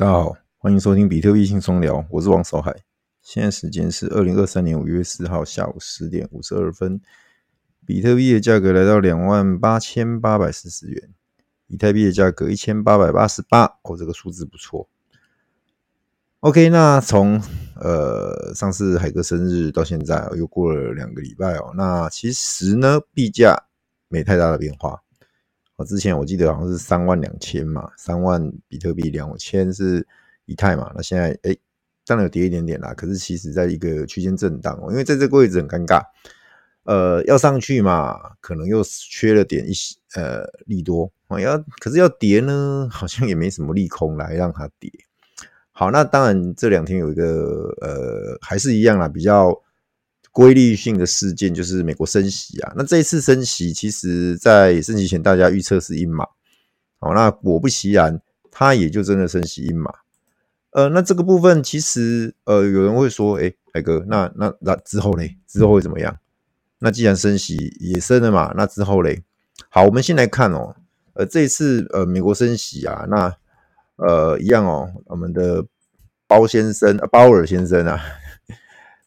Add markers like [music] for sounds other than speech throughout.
大家好，歡迎收聽比特幣輕鬆聊，我是王小海。現在時間是二零二三年五月四號下午十點五十二分，比特幣的價格來到兩萬八千八百四十元，以太幣的價格一千八百八十八，哦，這個數字不錯。OK，那從呃上次海哥生日到現在，哦，又過了兩個禮拜哦，那其實呢幣價沒太大的變化。我之前我記得好像是三萬兩千嘛，三萬比特幣兩千,千是以太嘛，那現在哎，當然有跌一點點啦，可是其實在一個區間震盪，哦，因為在這個位置很尷尬，呃，要上去嘛，可能又缺了點一呃利多要，啊，可是要跌呢，好像也沒什麼利空來讓它跌。好，那當然這兩天有一個呃，還是一樣啦，比較。規律性的事件就是美國升息啊，那這一次升息，其實在升息前大家預測是一碼，好，哦，那果不其然，它也就真的升息一碼。呃，那這個部分其實呃，有人會說，哎，欸，海哥，那那那之後呢？之後會怎麼樣？那既然升息也升了嘛，那之後呢？好，我們先來看哦，呃，這一次呃，美國升息啊，那呃，一樣哦，我們的鮑先生，呃、鮑爾先生啊。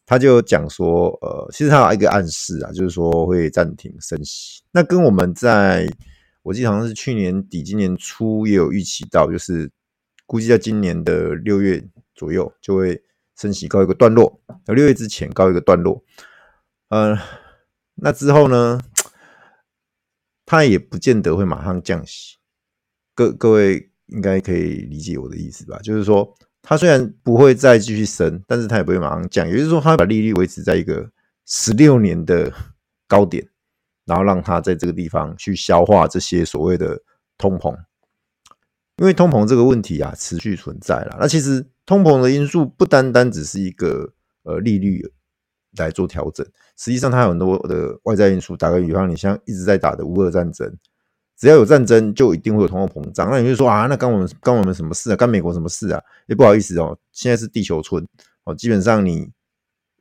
他就講說，呃，其實他有一個暗示啊，就是說會暫停升息。那跟我們在，我記得好像是去年底、今年初也有預期到，就是估計在今年的六月左右就會升息告一個段落，六月之前告一個段落。嗯、呃，那之後呢，他也不見得會馬上降息。各各位應該可以理解我的意思吧？就是說。它雖然不會再繼續升，但是它也不會馬上降，也就是說，它把利率維持在一個十六年的高點，然後讓它在這個地方去消化這些所謂的通膨，因為通膨這個問題啊，持續存在了。那其實通膨的因素不單單只是一個呃利率來做調整，實際上它有很多的外在因素。打個比方，你像一直在打的烏俄戰爭。只要有戰爭，就一定會有通貨膨脹。那你就說啊，那干我們跟我們什麼事啊？干美國什麼事啊？也、欸、不好意思哦，現在是地球村哦。基本上你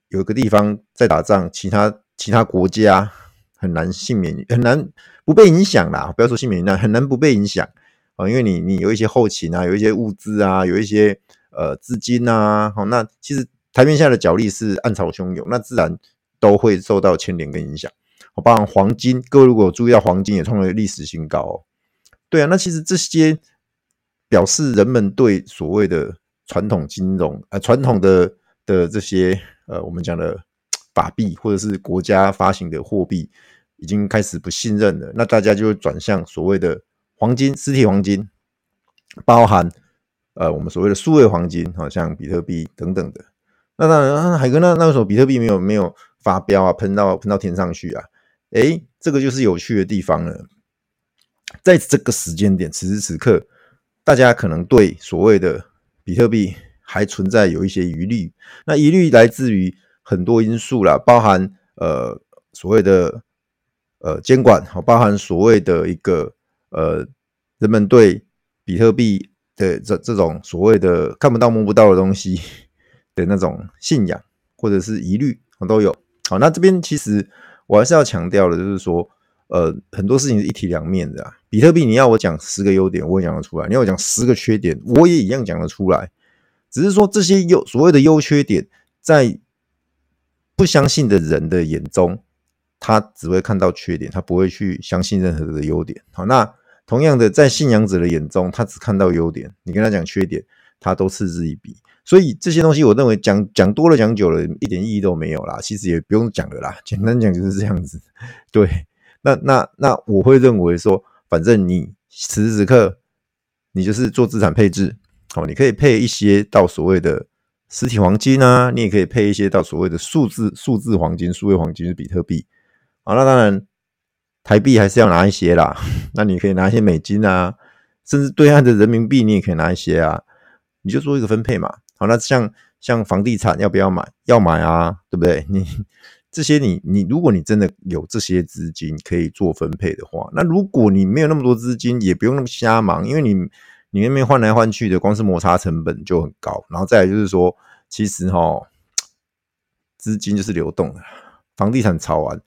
有一個地方在打仗，其他其他國家很難幸免，很難，很難不被影響啦。不要說幸免於難，很難不被影響啊。因為你你有一些後勤啊，有一些物資啊，有一些呃資金啊。好、哦，那其實台面下的角力是暗潮洶湧，那自然都會受到牽連跟影響。包含黃金，各位如果注意到黃金也創了歷史新高。哦，對啊，那其實這些表示人們對所謂的傳統金融，啊、呃，傳統的的這些呃，我們講的法幣或者是國家發行的貨幣，已經開始不信任了，那大家就會轉向所謂的黃金，實體黃金，包含呃，我們所謂的數位黃金，好、哦、像比特幣等等的。那當然，啊，海哥那那個時候比特幣沒有沒有發飆啊，噴到噴到天上去啊。哎，這個就是有趣的地方了。在這個時間點，此時此刻，大家可能對所謂的比特幣還存在有一些疑慮，那疑慮來自於很多因素啦，包含呃所謂的呃監管，包含所謂的一個呃人們對比特幣的這這種所謂的看不到摸不到的東西的那種信仰或者是疑慮，都有。好，那這邊其實。我還是要強調的，就是說，呃，很多事情是一體兩面的啊。比特幣，你要我講十個優點，我也講得出來；你要我講十個缺點，我也一樣講得出來。只是說，這些優所謂的優缺點，在不相信的人的眼中，他只會看到缺點，他不會去相信任何的優點。好，那同樣的，在信仰者的眼中，他只看到優點，你跟他講缺點，他都嗤之以鼻。所以這些東西，我認為講講多了講久了，一點意義都沒有啦。其實也不用講了啦，簡單講就是這樣子。對，那那那我會認為說，反正你此時此刻，你就是做資產配置哦。你可以配一些到所謂的實體黃金啊，你也可以配一些到所謂的數字數字黃金，數位黃金是比特幣啊。哦，那當然，台幣還是要拿一些啦。那你可以拿一些美金啊，甚至對岸的人民幣你也可以拿一些啊。你就做一個分配嘛。那像像房地產要不要買？要買啊，對不對？你這些你你，如果你真的有這些資金可以做分配的話，那如果你沒有那麼多資金，也不用那麼瞎忙，因為你你那邊換來換去的，光是摩擦成本就很高。然後再來就是說，其實哈、哦，資金就是流動的，房地產炒完，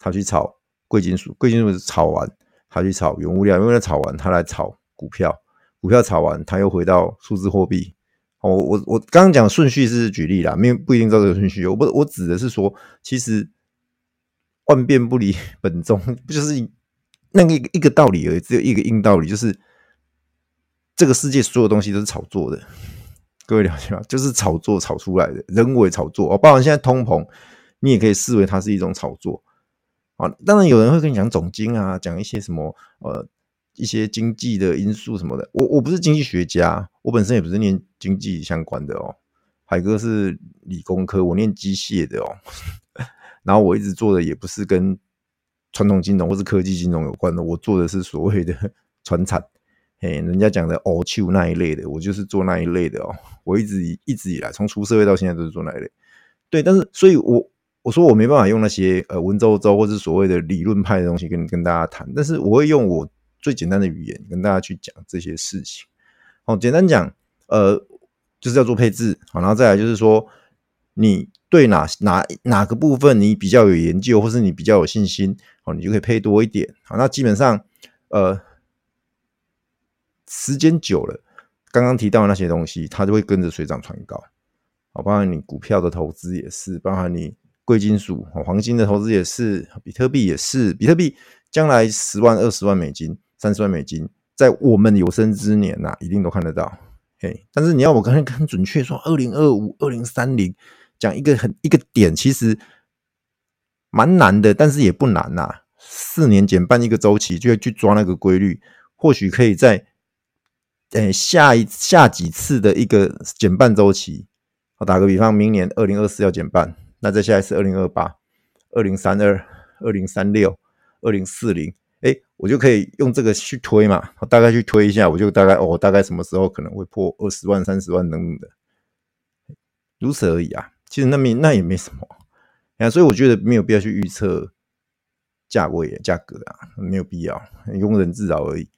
他去炒貴金屬，貴金屬是炒完，他去炒原物料，原物料炒完，他來炒股票，股票炒完，他又回到數字貨幣。哦、我我我剛剛講的順序是舉例啦，沒有不一定照這個順序。我不我指的是說，其實萬變不離本宗，就是那個一個道理而已。只有一個硬道理，就是這個世界所有東西都是炒作的。各位了解嗎？就是炒作炒出來的，人為炒作。哦，包含現在通膨，你也可以視為它是一種炒作啊、哦。當然有人會跟你講總經啊，講一些什麼呃。一些經濟的因素什麼的，我我不是經濟學家，我本身也不是念經濟相關的哦。海哥是理工科，我念機械的哦。然後我一直做的也不是跟傳統金融或是科技金融有關的，我做的是所謂的傳產，哎，人家講的 OQ 那一類的，我就是做那一類的哦。我一直以一直以來，從出社會到現在都是做那一類。對，但是所以我，我我說我沒辦法用那些呃文縐縐或是所謂的理論派的東西跟跟大家談，但是我會用我。最簡單的語言跟大家去講這些事情，哦，簡單講，呃，就是要做配置，好，然後再來就是說，你對哪哪哪個部分你比較有研究，或是你比較有信心，好，你就可以配多一點，好，那基本上，呃，時間久了，剛剛提到的那些東西，它就會跟着水漲船高，好，包含你股票的投資也是，包含你貴金屬黃金的投資也是，比特幣也是，比特幣將來十萬二十萬美金。三十萬美金，在我們有生之年吶、啊，一定都看得到。嘿、欸，但是你要我剛才看準確說，二零二五、二零三零，講一個很一個點，其實蠻難的，但是也不難吶、啊。四年減半一個周期，就要去抓那個規律，或許可以在等、欸、下一下幾次的一個減半周期。我打個比方，明年二零二四要減半，那再下來是二零二八、二零三二、二零三六、二零四零。我就可以用這個去推嘛，我大概去推一下，我就大概哦，大概什麼時候可能會破二十萬、三十萬等等的，如此而已啊。其實那沒那也沒什麼，啊，所以我覺得沒有必要去預測價位、價格啊，沒有必要庸人自擾而已。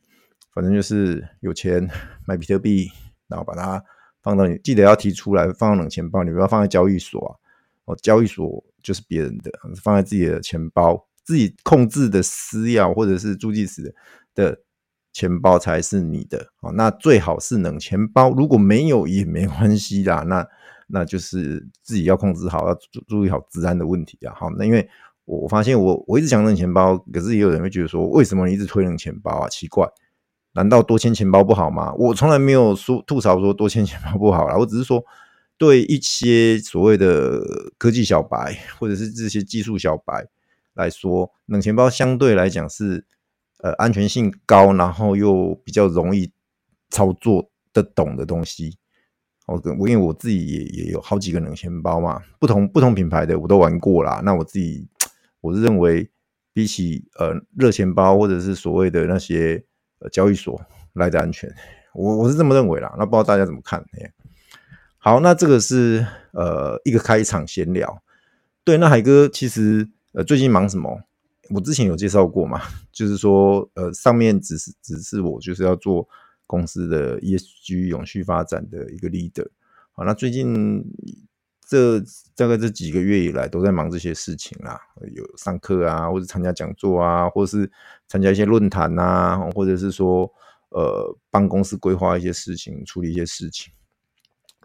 反正就是有錢買比特幣，然後把它放到你記得要提出來，放到冷錢包，你不要放在交易所啊，哦，交易所就是別人的，放在自己的錢包。自己控制的私鑰或者是助記詞的錢包才是你的哦。那最好是冷錢包，如果沒有也沒關係啦。那那就是自己要控制好，要注注意好資安的問題啊。好，那因為我我發現我我一直想冷錢包，可是也有人會覺得說，為什麼你一直推冷錢包啊？奇怪，難道多簽錢包不好嗎？我從來沒有說吐槽說多簽錢包不好啦，我只是說對一些所謂的科技小白或者是這些技術小白。來說，冷錢包相對來講是，呃，安全性高，然後又比較容易操作得懂的東西。我我因為我自己也也有好幾個冷錢包嘛，不同不同品牌的我都玩過啦。那我自己我是認為，比起呃熱錢包或者是所謂的那些、呃、交易所來的安全，我我是這麼認為啦。那不知道大家怎麼看？欸、好，那這個是呃一個開場閒聊。對，那海哥其實。最近忙什麼？我之前有介紹過嘛，就是說，呃，上面只是只是我就是要做公司的 ESG 永續發展的一個 leader。好，那最近這大概這幾個月以來，都在忙這些事情啦，有上課啊，或者參加講座啊，或者是參加一些論壇啊，或者是說，呃，幫公司規劃一些事情，處理一些事情。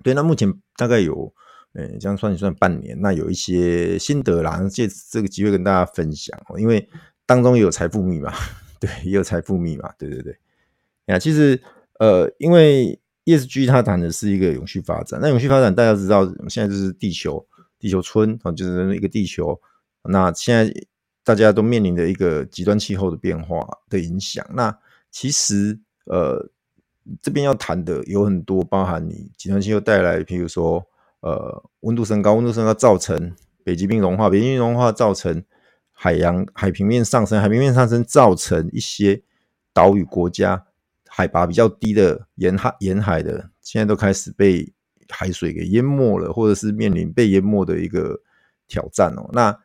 對，那目前大概有。嗯，這樣算一算半年。那有一些心得啦，借這個機會跟大家分享。因為當中也有財富密碼，對，也有財富密碼，對對對。呀，其實呃，因為 ESG 它談的是一個永續發展。那永續發展大家知道，現在就是地球地球村，啊，就是一個地球。那現在大家都面臨着一個極端氣候的變化的影響。那其實呃，這邊要談的有很多，包含你極端氣候帶來，譬如說。呃，溫度升高，溫度升高造成北極冰融化，北極冰融化造成海洋海平面上升，海平面上升造成一些島嶼國家海拔比較低的沿海沿海的，現在都開始被海水給淹沒了，或者是面臨被淹沒的一個挑戰哦。那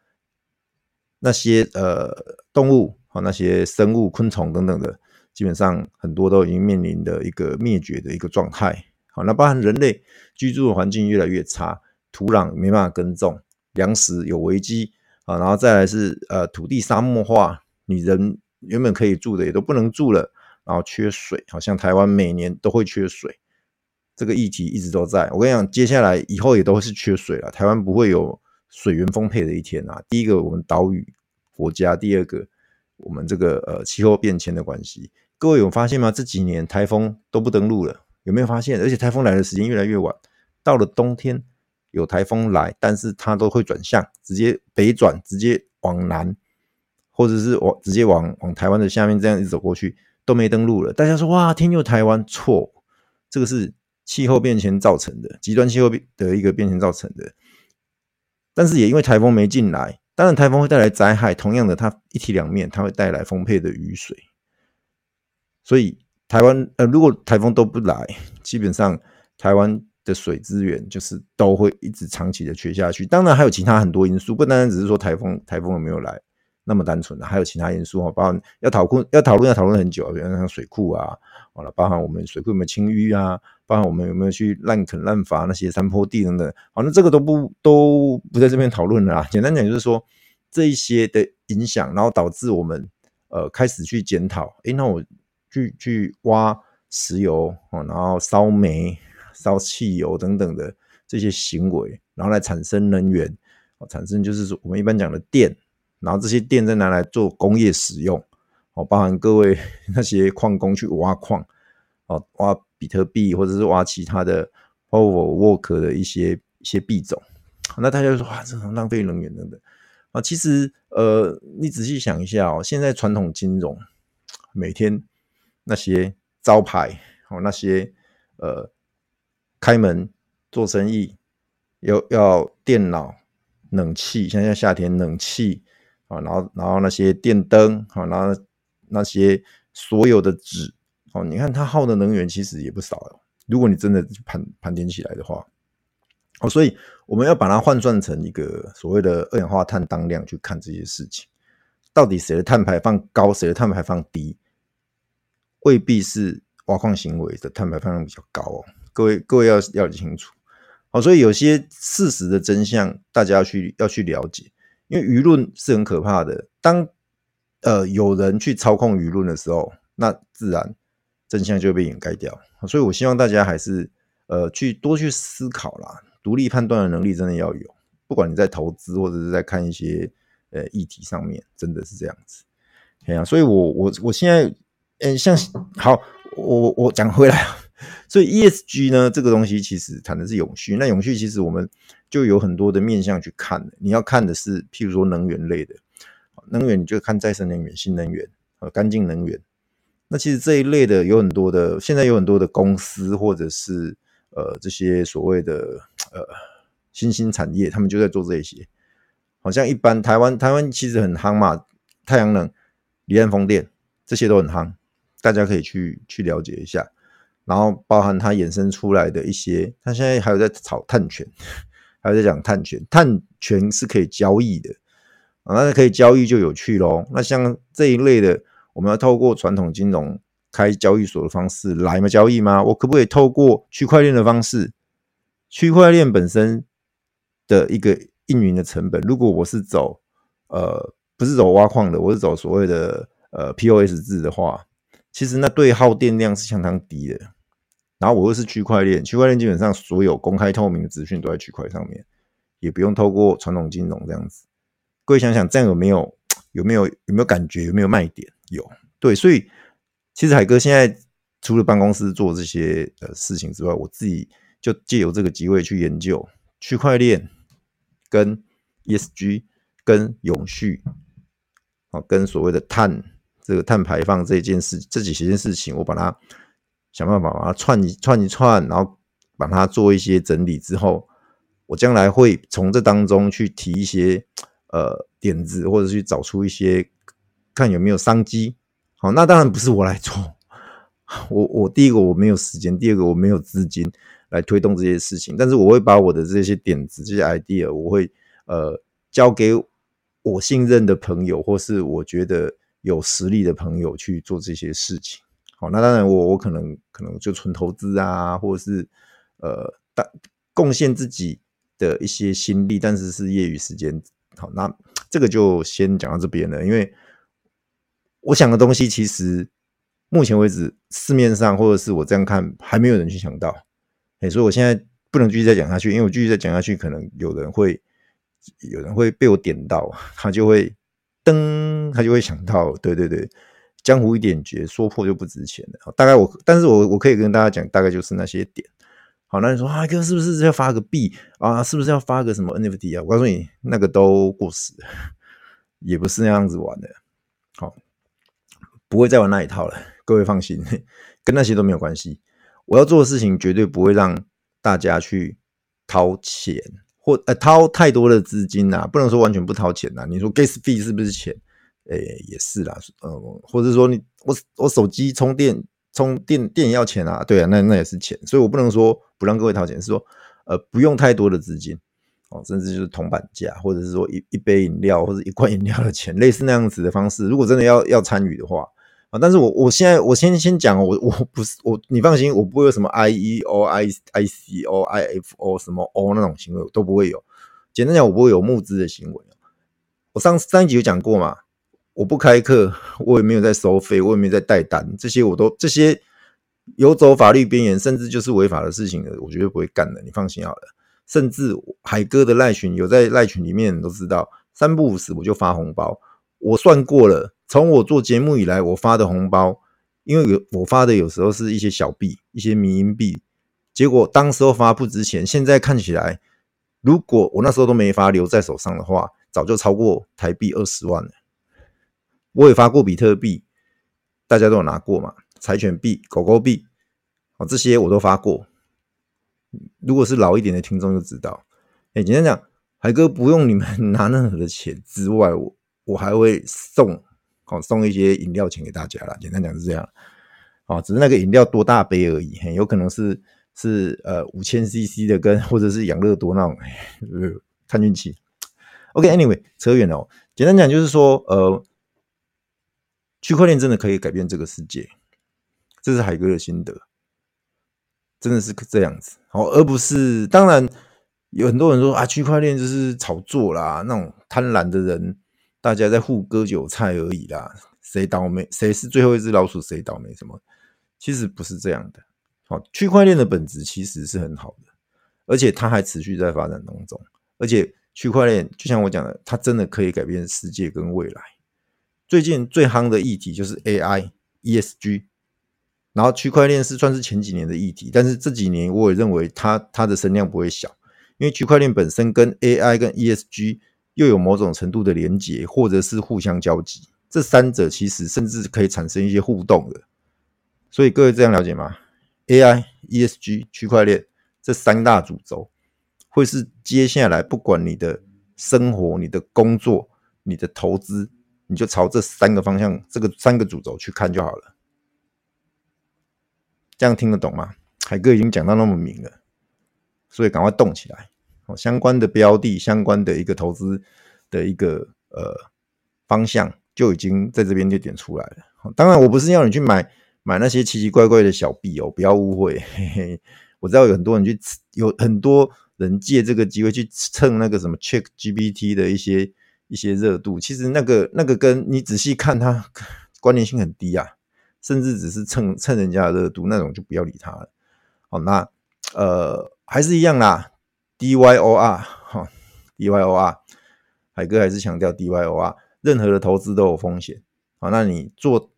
那些呃動物和，哦，那些生物、昆蟲等等的，基本上很多都已經面臨的一個滅絕的一個狀態。那包含人類居住的環境越來越差，土壤沒辦法耕種，糧食有危機啊，然後再來是呃土地沙漠化，你人原本可以住的也都不能住了，然後缺水，好像台灣每年都會缺水，這個議題一直都在。我跟你講，接下來以後也都是缺水了，台灣不會有水源豐沛的一天啊。第一個我們島嶼國家，第二個我們這個呃氣候變遷的關係，各位有發現嗎？這幾年台風都不登陸了。有沒有發現？而且台風來的時間越來越晚，到了冬天有台風來，但是它都會轉向，直接北轉，直接往南，或者是往直接往往台灣的下面這樣子走過去，都沒登陸了。大家說哇，天佑台灣！錯，這個是氣候變遷造成的，極端氣候的一個變遷造成的。但是也因為台風沒進來，當然台風會帶來災害，同樣的，它一體兩面，它會帶來豐沛的雨水，所以。台灣呃，如果颱風都不來，基本上台灣的水資源就是都會一直長期的缺下去。當然還有其他很多因素，不單單只是說颱風，颱風有沒有來，那麼單純的，還有其他因素，包含要討論、要討論、要討論很久，比如說像水庫啊，好了，包含我們水庫有沒有清淤啊，包含我們有沒有去濫墾濫伐那些山坡地等等。好，那這個都不都不在這邊討論了啦。簡單講就是說這一些的影響，然後導致我們呃開始去檢討。誒、欸、那我。去去挖石油哦，然後燒煤、燒汽油等等的這些行為，然後來產生能源，產生就是說我們一般講的電，然後這些電再拿來做工業使用哦，包含各位那些礦工去挖礦哦，挖比特幣或者是挖其他的，Proof of Work 的一些一些幣種，那大家就說這很浪費能源等等。啊，其實呃，你仔細想一下哦，現在傳統金融每天。那些招牌哦，那些呃開門做生意要要電腦、冷氣，像像夏天冷氣啊，然後然後那些電燈啊，然後那，那些所有的紙哦，你看它耗的能源其實也不少哦。如果你真的盤盤點起來的話，哦，所以我們要把它換算成一個所謂的二氧化碳當量去看這些事情，到底誰的碳排放高，誰的碳排放低？未必是挖礦行為的碳排放量比較高哦各、各位各位要要清楚，好，所以有些事實的真相，大家要去要去了解，因為輿論是很可怕的當，當呃有人去操控輿論的時候，那自然真相就被掩蓋掉。所以，我希望大家還是呃去多去思考啦，獨立判斷的能力真的要有。不管你在投資或者是在看一些呃議題上面，真的是這樣子，對啊。所以我我我現在。嗯，像好，我我講回來，所以 ESG 呢，這個東西其實談的是永續，那永續其實我們就有很多的面向去看的。你要看的是，譬如說能源類的，能源你就看再生能源、新能源、和、呃、乾淨能源。那其實這一類的有很多的，現在有很多的公司或者是呃這些所謂的呃新興產業，他們就在做這些。好像一般台灣台灣其實很夯嘛，太陽能、離岸風電，這些都很夯。大家可以去去了解一下，然後包含它衍生出來的一些，它現在還有在炒碳權，還有在講碳權，碳權是可以交易的啊，那可以交易就有趣嘍。那像這一類的，我們要透過傳統金融開交易所的方式來嗎？交易嗎？我可不可以透過區塊鏈的方式？區塊鏈本身的一個運營的成本，如果我是走呃不是走挖礦的，我是走所謂的呃 POS 制的話。其實那對耗電量是相當低的，然後我又是區塊鏈，區塊鏈基本上所有公開透明的資訊都在區塊上面，也不用透過傳統金融這樣子。各位想想，這樣有沒有有沒有有沒有感覺？有沒有賣點？有。對，所以其實海哥現在除了辦公室做這些呃事情之外，我自己就借由這個機會去研究區塊鏈、跟 ESG、跟永續，啊，跟所謂的碳。這個碳排放這件事，這幾件事情，我把它想辦法把它串一串一串，然後把它做一些整理之後，我將來會從這當中去提一些呃點子，或者去找出一些看有沒有商機。好，那當然不是我來做，我我第一個我沒有時間，第二個我沒有資金來推動這些事情，但是我會把我的這些點子，這些 idea，我會呃交給我信任的朋友，或是我覺得。有實力的朋友去做這些事情，好，那當然我我可能可能就純投資啊，或者是呃，但貢獻自己的一些心力，但是是業餘時間。好，那這個就先講到這邊了，因為我想的東西其實目前為止市面上或者是我這樣看還沒有人去想到，哎、欸，所以我現在不能繼續再講下去，因為我繼續再講下去，可能有人會有人會被我點到，他就會。燈，他就會想到，對對對，江湖一點訣，說破就不值錢了。大概我，但是我我可以跟大家講，大概就是那些點。好，那你說啊，哥是不是要發個幣啊？是不是要發個什麼 NFT 啊？我告訴你，那個都過時了，也不是那樣子玩的。好，不會再玩那一套了。各位放心，跟那些都沒有關係。我要做的事情絕對不會讓大家去掏錢。或呃掏太多的資金吶、啊，不能說完全不掏錢吶、啊。你說 gas fee 是不是錢？誒、欸，也是啦。呃，或者說你我我手機充電充電電也要錢啊？對啊，那那也是錢。所以我不能說不讓各位掏錢，是說呃不用太多的資金哦，甚至就是銅板價，或者是說一一杯飲料或者一罐飲料的錢，類似那樣子的方式。如果真的要要參與的話。啊！但是我我現在我先先講哦，我我不是我，你放心，我不會有什麼 IEO、I、ICO、IFO 什麼 O 那種行為，都不會有。簡單講，我不會有募資的行為。我上上一集有講過嘛，我不開課，我也沒有在收費，我也沒有在帶單，這些我都這些游走法律邊緣，甚至就是違法的事情，我絕對不會幹的，你放心好了。甚至海哥的賴群有在賴群裡面你都知道，三不五時我就發紅包。我算過了，從我做節目以來，我發的紅包，因為有我發的有時候是一些小幣、一些迷因幣，結果當時候發不值錢，現在看起來，如果我那時候都沒發留在手上的話，早就超過台幣二十萬了。我也發過比特幣，大家都有拿過嘛，柴犬幣、狗狗幣，啊、哦，這些我都發過。如果是老一點的聽眾就知道，哎、欸，簡單講，海哥不用你們 [laughs] 拿任何的錢之外，我。我還會送，哦，送一些飲料錢給大家啦。簡單講是這樣，啊、哦，只是那個飲料多大杯而已，有可能是是呃五千 CC 的跟或者是養樂多那種，看運氣。呃、OK，Anyway，okay，扯遠了、哦。簡單講就是說，呃，區塊鏈真的可以改變這個世界，這是海哥的心得，真的是這樣子。好、哦，而不是當然有很多人說啊，區塊鏈就是炒作啦，那種貪婪的人。大家在互割韭菜而已啦，誰倒霉？誰是最後一隻老鼠？誰倒霉？什麼？其實不是這樣的。好，區塊鏈的本質其實是很好的，而且它還持續在發展當中。而且區塊鏈，就像我講的，它真的可以改變世界跟未來。最近最夯的議題就是 AI、ESG，然後區塊鏈是算是前幾年的議題，但是這幾年我也認為它它的聲量不會小，因為區塊鏈本身跟 AI 跟 ESG，又有某種程度的連接，或者是互相交集，這三者其實甚至可以產生一些互動的。所以各位這樣了解嗎？AI、ESG、區塊鏈這三大主軸，會是接下來不管你的生活、你的工作、你的投資，你就朝這三個方向、這個三個主軸去看就好了。這樣聽得懂嗎？海哥已經講到那麼明了，所以趕快動起來。相關的標的，相關的一個投資的一個呃方向，就已經在這邊就點出來了。當然，我不是要你去買買那些奇奇怪怪的小幣哦，不要誤會。嘿嘿。我知道有很多人去，有很多人借這個機會去蹭那個什麼 ChatGPT 的一些一些熱度。其實那個那個跟你仔細看它關聯性很低啊，甚至只是蹭蹭人家的熱度那種，就不要理他了。好、哦，那呃，還是一樣啦。D Y O R 哈、哦、，D Y O R，海哥還是強調 D Y O R，任何的投資都有風險啊、哦。那你做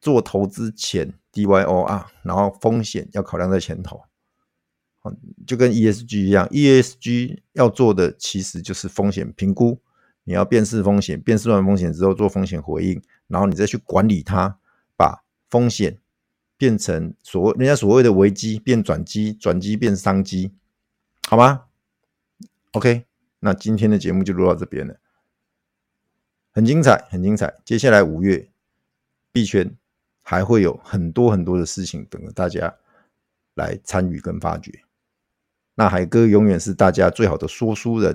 做投資前 D Y O R，然後風險要考量在前頭，哦、就跟 E S G 一樣，E S G 要做的其實就是風險評估，你要辨識風險，辨識完風險之後做風險回應，然後你再去管理它，把風險變成所謂，人家所謂的危機變轉機，轉機變商機。好嗎？OK，那今天的節目就錄到這邊了，很精彩，很精彩。接下來五月幣圈還會有很多很多的事情等着大家來參與跟發掘。那海哥永遠是大家最好的說書人，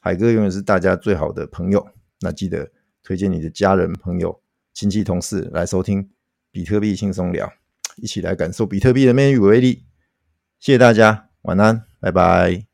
海哥永遠是大家最好的朋友。那記得推薦你的家人、朋友、親戚、同事來收聽《比特幣輕鬆聊》，一起來感受比特幣的魅力與威力。謝謝大家，晚安。拜拜。